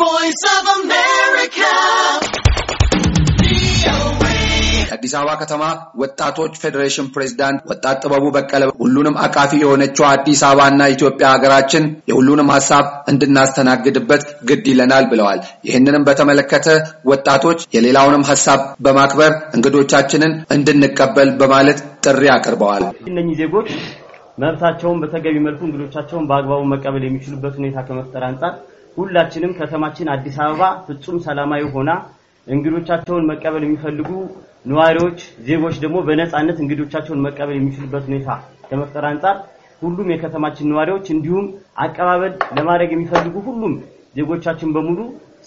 voice of America. አዲስ አበባ ከተማ ወጣቶች ፌዴሬሽን ፕሬዝዳንት ወጣት ጥበቡ በቀለ ሁሉንም አቃፊ የሆነችው አዲስ አበባና ኢትዮጵያ ሀገራችን የሁሉንም ሀሳብ እንድናስተናግድበት ግድ ይለናል ብለዋል። ይህንንም በተመለከተ ወጣቶች የሌላውንም ሀሳብ በማክበር እንግዶቻችንን እንድንቀበል በማለት ጥሪ አቅርበዋል። እነኚህ ዜጎች መብታቸውን በተገቢ መልኩ እንግዶቻቸውን በአግባቡ መቀበል የሚችሉበት ሁኔታ ከመፍጠር አንጻር ሁላችንም ከተማችን አዲስ አበባ ፍጹም ሰላማዊ ሆና እንግዶቻቸውን መቀበል የሚፈልጉ ነዋሪዎች፣ ዜጎች ደግሞ በነፃነት እንግዶቻቸውን መቀበል የሚችሉበት ሁኔታ ከመፍጠር አንጻር ሁሉም የከተማችን ነዋሪዎች እንዲሁም አቀባበል ለማድረግ የሚፈልጉ ሁሉም ዜጎቻችን በሙሉ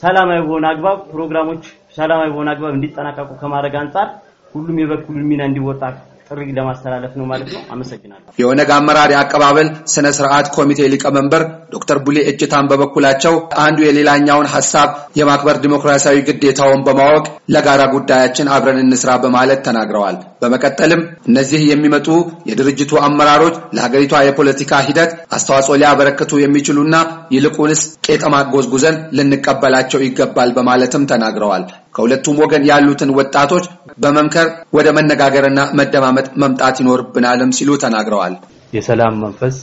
ሰላማዊ በሆነ አግባብ ፕሮግራሞች ሰላማዊ በሆነ አግባብ እንዲጠናቀቁ ከማድረግ አንጻር ሁሉም የበኩሉን ሚና እንዲወጣ ጥሪ ለማስተላለፍ ነው ማለት ነው። አመሰግናለሁ። የኦነግ አመራር የአቀባበል ስነ ስርዓት ኮሚቴ ሊቀመንበር ዶክተር ቡሌ እጅታን በበኩላቸው አንዱ የሌላኛውን ሀሳብ የማክበር ዲሞክራሲያዊ ግዴታውን በማወቅ ለጋራ ጉዳያችን አብረን እንስራ በማለት ተናግረዋል። በመቀጠልም እነዚህ የሚመጡ የድርጅቱ አመራሮች ለሀገሪቷ የፖለቲካ ሂደት አስተዋጽኦ ሊያበረክቱ የሚችሉና ይልቁንስ ቄጠማ ጎዝጉዘን ልንቀበላቸው ይገባል በማለትም ተናግረዋል። ከሁለቱም ወገን ያሉትን ወጣቶች በመምከር ወደ መነጋገርና መደማመጥ መምጣት ይኖርብናልም ሲሉ ተናግረዋል። የሰላም መንፈስ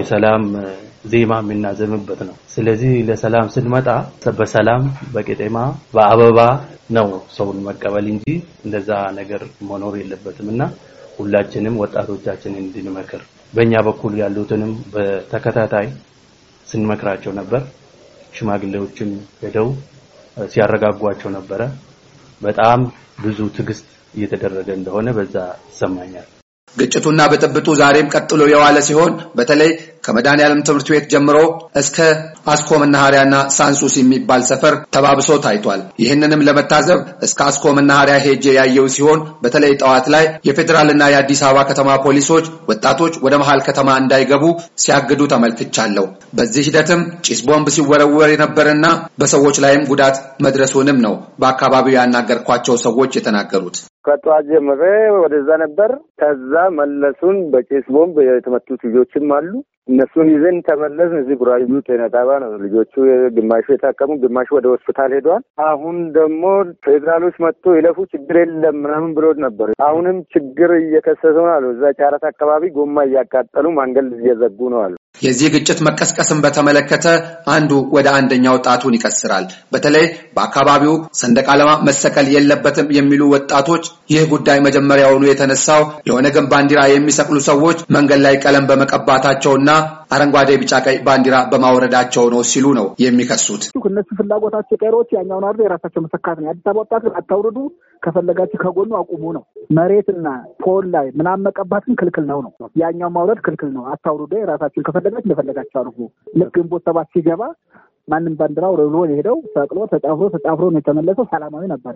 የሰላም ዜማ የምናዘምበት ነው። ስለዚህ ለሰላም ስንመጣ በሰላም በቄጤማ በአበባ ነው ሰውን መቀበል እንጂ እንደዛ ነገር መኖር የለበትም እና ሁላችንም ወጣቶቻችን እንድንመክር በእኛ በኩል ያሉትንም በተከታታይ ስንመክራቸው ነበር። ሽማግሌዎችም ሄደው ሲያረጋጓቸው ነበረ። በጣም ብዙ ትዕግስት እየተደረገ እንደሆነ በዛ ይሰማኛል። ግጭቱና ብጥብጡ ዛሬም ቀጥሎ የዋለ ሲሆን በተለይ ከመድኃኔዓለም ትምህርት ቤት ጀምሮ እስከ አስኮ መናኸሪያና ሳንሱስ የሚባል ሰፈር ተባብሶ ታይቷል። ይህንንም ለመታዘብ እስከ አስኮ መናኸሪያ ሄጄ ያየው ሲሆን በተለይ ጠዋት ላይ የፌዴራልና የአዲስ አበባ ከተማ ፖሊሶች ወጣቶች ወደ መሀል ከተማ እንዳይገቡ ሲያግዱ ተመልክቻለሁ። በዚህ ሂደትም ጭስ ቦምብ ሲወረወር የነበረና በሰዎች ላይም ጉዳት መድረሱንም ነው በአካባቢው ያናገርኳቸው ሰዎች የተናገሩት። ከጠዋት ጀምሬ ወደዛ ነበር። ከዛ መለሱን በጭስ ቦምብ የተመቱት ልጆችም አሉ። እነሱን ይዘን ተመለስን። እዚህ ጉራዩ ጤና ጣቢያ ነው ልጆቹ ግማሹ የታከሙ፣ ግማሹ ወደ ሆስፒታል ሄደዋል። አሁን ደግሞ ፌዴራሎች መጥቶ ይለፉ ችግር የለም ምናምን ብሎ ነበር። አሁንም ችግር እየከሰሰ ነው አሉ። እዛ ጫረት አካባቢ ጎማ እያቃጠሉ ማንገል እየዘጉ ነው አሉ። የዚህ ግጭት መቀስቀስን በተመለከተ አንዱ ወደ አንደኛው ጣቱን ይቀስራል። በተለይ በአካባቢው ሰንደቅ ዓላማ መሰቀል የለበትም የሚሉ ወጣቶች ይህ ጉዳይ መጀመሪያውኑ የተነሳው የኦነግን ባንዲራ የሚሰቅሉ ሰዎች መንገድ ላይ ቀለም በመቀባታቸውና አረንጓዴ፣ ቢጫ፣ ቀይ ባንዲራ በማውረዳቸው ነው ሲሉ ነው የሚከሱት። እነሱ ፍላጎታቸው ቀሮች ያኛውን አርዶ የራሳቸው መሰካት ነው። የአዲስ አበባ ወጣት አታውርዱ፣ ከፈለጋችሁ ከጎኑ አቁሙ ነው። መሬትና ፖል ላይ ምናምን መቀባትን ክልክል ነው ነው ያኛው ማውረድ ክልክል ነው። አታውርዶ የራሳችሁን ከፈለጋችሁ እንደፈለጋችሁ አድርጉ። ልክ ግንቦት ሰባት ሲገባ ማንም ባንዲራ ብሎ የሄደው ሰቅሎ ተጫፍሮ ተጫፍሮ ነው የተመለሰው። ሰላማዊ ነበር።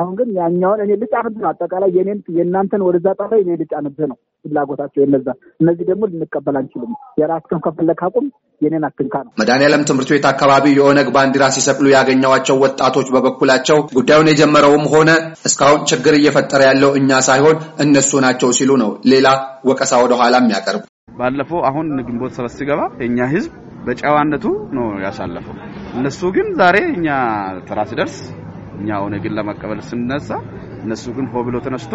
አሁን ግን ያኛውን እኔ ልጫንብህ ነው አጠቃላይ የኔን የእናንተን ወደዛ ጠራ እኔ ልጫንብህ ነው ፍላጎታቸው የነዛ። እነዚህ ደግሞ ልንቀበል አንችልም። የራስህን ከፈለክ አቁም፣ የኔን አትንካ ነው። መድኃኔዓለም ትምህርት ቤት አካባቢ የኦነግ ባንዲራ ሲሰቅሉ ያገኘዋቸው ወጣቶች በበኩላቸው ጉዳዩን የጀመረውም ሆነ እስካሁን ችግር እየፈጠረ ያለው እኛ ሳይሆን እነሱ ናቸው ሲሉ ነው ሌላ ወቀሳ ወደኋላ የሚያቀርቡ ባለፈው አሁን ግንቦት ሰባት ሲገባ የእኛ ህዝብ በጨዋነቱ ነው ያሳለፈው። እነሱ ግን ዛሬ እኛ ተራ ሲደርስ እኛ ኦነግን ለመቀበል ስንነሳ እነሱ ግን ሆ ብሎ ተነስቶ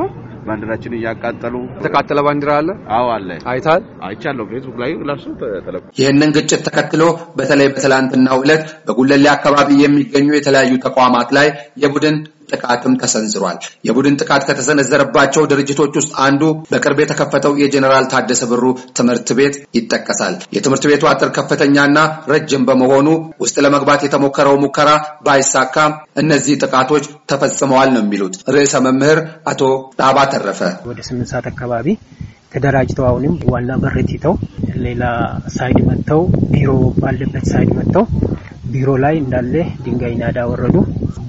ባንዲራችንን እያቃጠሉ የተቃጠለ ባንዲራ አለ። አዎ አለ። አይታል አይቻለሁ። ፌስቡክ ላይ ላሱ ተለቁ። ይህንን ግጭት ተከትሎ በተለይ በትላንትናው ዕለት በጉለሌ አካባቢ የሚገኙ የተለያዩ ተቋማት ላይ የቡድን ጥቃትም ተሰንዝሯል። የቡድን ጥቃት ከተሰነዘረባቸው ድርጅቶች ውስጥ አንዱ በቅርብ የተከፈተው የጀኔራል ታደሰ ብሩ ትምህርት ቤት ይጠቀሳል። የትምህርት ቤቱ አጥር ከፍተኛና ረጅም በመሆኑ ውስጥ ለመግባት የተሞከረው ሙከራ ባይሳካም እነዚህ ጥቃቶች ተፈጽመዋል ነው የሚሉት ርዕሰ መምህር አቶ ጣባ ተረፈ። ወደ ስምንት ሰዓት አካባቢ ተደራጅተው አሁንም ዋና በር ትተው ሌላ ሳይድ መጥተው ቢሮ ባለበት ሳይድ መጥተው ቢሮ ላይ እንዳለ ድንጋይ ናዳ ወረዱ።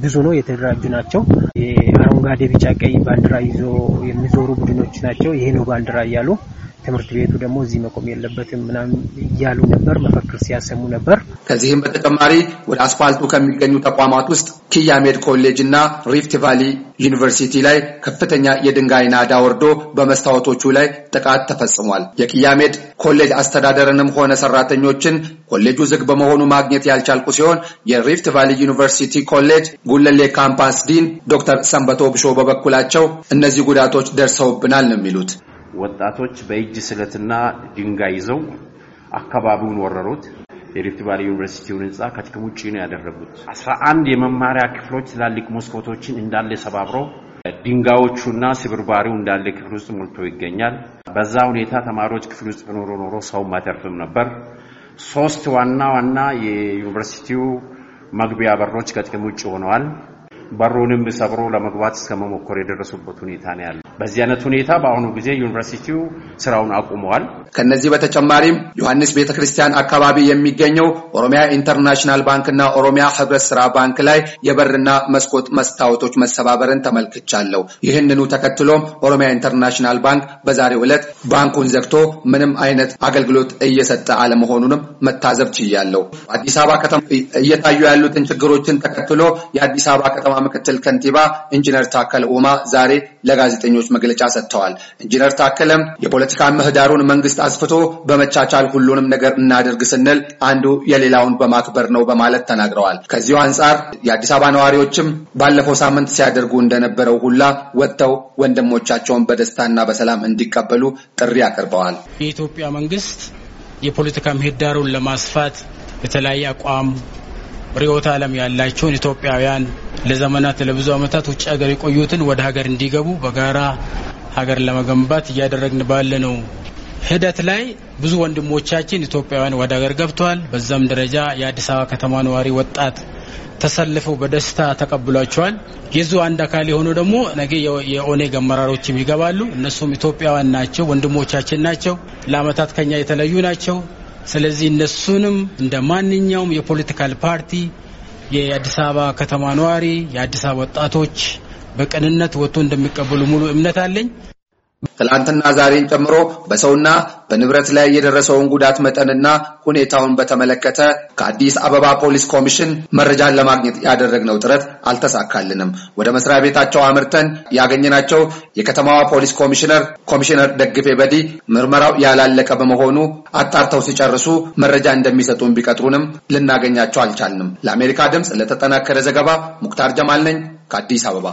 ብዙ ነው፣ የተደራጁ ናቸው። የአረንጓዴ ቢጫ፣ ቀይ ባንዲራ ይዞ የሚዞሩ ቡድኖች ናቸው። ይሄ ነው ባንዲራ እያሉ ትምህርት ቤቱ ደግሞ እዚህ መቆም የለበትም ምናምን እያሉ ነበር፣ መፈክር ሲያሰሙ ነበር። ከዚህም በተጨማሪ ወደ አስፋልቱ ከሚገኙ ተቋማት ውስጥ ኪያሜድ ኮሌጅ እና ሪፍት ቫሊ ዩኒቨርሲቲ ላይ ከፍተኛ የድንጋይ ናዳ ወርዶ በመስታወቶቹ ላይ ጥቃት ተፈጽሟል። የኪያሜድ ኮሌጅ አስተዳደርንም ሆነ ሰራተኞችን ኮሌጁ ዝግ በመሆኑ ማግኘት ያልቻል። የሚያንቁ ሲሆን የሪፍት ቫሊ ዩኒቨርሲቲ ኮሌጅ ጉለሌ ካምፓስ ዲን ዶክተር ሰንበቶ ብሾ በበኩላቸው እነዚህ ጉዳቶች ደርሰውብናል ነው የሚሉት። ወጣቶች በእጅ ስለትና ድንጋይ ይዘው አካባቢውን ወረሩት። የሪፍት ቫሊ ዩኒቨርሲቲውን ህንፃ ከጥቅም ውጭ ነው ያደረጉት። አስራ አንድ የመማሪያ ክፍሎች ትላልቅ መስኮቶችን እንዳለ ሰባብረው ድንጋዮቹና ስብርባሪው እንዳለ ክፍል ውስጥ ሞልቶ ይገኛል። በዛ ሁኔታ ተማሪዎች ክፍል ውስጥ ኖሮ ኖሮ ሰው ማተርፍም ነበር። ሶስት ዋና ዋና የዩኒቨርሲቲው መግቢያ በሮች ከጥቅም ውጭ ሆነዋል። በሩንም ሰብሮ ለመግባት እስከ መሞከር የደረሱበት ሁኔታ ነው ያለው። በዚህ አይነት ሁኔታ በአሁኑ ጊዜ ዩኒቨርሲቲው ስራውን አቁመዋል። ከነዚህ በተጨማሪም ዮሐንስ ቤተ ክርስቲያን አካባቢ የሚገኘው ኦሮሚያ ኢንተርናሽናል ባንክና ኦሮሚያ ህብረት ስራ ባንክ ላይ የበርና መስኮት መስታወቶች መሰባበርን ተመልክቻለሁ። ይህንኑ ተከትሎም ኦሮሚያ ኢንተርናሽናል ባንክ በዛሬው ዕለት ባንኩን ዘግቶ ምንም አይነት አገልግሎት እየሰጠ አለመሆኑንም መታዘብ ችያለሁ። አዲስ አበባ ከተማ እየታዩ ያሉትን ችግሮችን ተከትሎ የአዲስ አበባ ከተማ ምክትል ከንቲባ ኢንጂነር ታከለ ኡማ ዛሬ ለጋዜጠኞች መግለጫ ሰጥተዋል። ኢንጂነር ታከለም የፖለቲካ ምህዳሩን መንግስት አስፍቶ በመቻቻል ሁሉንም ነገር እናደርግ ስንል አንዱ የሌላውን በማክበር ነው በማለት ተናግረዋል። ከዚሁ አንጻር የአዲስ አበባ ነዋሪዎችም ባለፈው ሳምንት ሲያደርጉ እንደነበረው ሁላ ወጥተው ወንድሞቻቸውን በደስታና በሰላም እንዲቀበሉ ጥሪ አቅርበዋል። የኢትዮጵያ መንግስት የፖለቲካ ምህዳሩን ለማስፋት የተለያየ አቋም ርዕዮተ ዓለም ያላቸውን ኢትዮጵያውያን ለዘመናት ለብዙ ዓመታት ውጭ ሀገር የቆዩትን ወደ ሀገር እንዲገቡ በጋራ ሀገር ለመገንባት እያደረግን ነው ሂደት ላይ ብዙ ወንድሞቻችን ኢትዮጵያውያን ወደ ሀገር ገብተዋል። በዛም ደረጃ የአዲስ አበባ ከተማ ነዋሪ ወጣት ተሰልፈው በደስታ ተቀብሏቸዋል። የዙ አንድ አካል የሆኑ ደግሞ ነገ የኦኔግ አመራሮችም ይገባሉ። እነሱም ኢትዮጵያውያን ናቸው፣ ወንድሞቻችን ናቸው። ለአመታት ከኛ የተለዩ ናቸው። ስለዚህ እነሱንም እንደ ማንኛውም የፖለቲካል ፓርቲ የአዲስ አበባ ከተማ ነዋሪ፣ የአዲስ አበባ ወጣቶች በቅንነት ወጥቶ እንደሚቀበሉ ሙሉ እምነት አለኝ። ትላንትና ዛሬን ጨምሮ በሰውና በንብረት ላይ የደረሰውን ጉዳት መጠንና ሁኔታውን በተመለከተ ከአዲስ አበባ ፖሊስ ኮሚሽን መረጃን ለማግኘት ያደረግነው ጥረት አልተሳካልንም። ወደ መስሪያ ቤታቸው አምርተን ያገኘናቸው የከተማዋ ፖሊስ ኮሚሽነር ኮሚሽነር ደግፌ በዲ ምርመራው ያላለቀ በመሆኑ አጣርተው ሲጨርሱ መረጃ እንደሚሰጡን ቢቀጥሩንም ልናገኛቸው አልቻልንም። ለአሜሪካ ድምፅ ለተጠናከረ ዘገባ ሙክታር ጀማል ነኝ ከአዲስ አበባ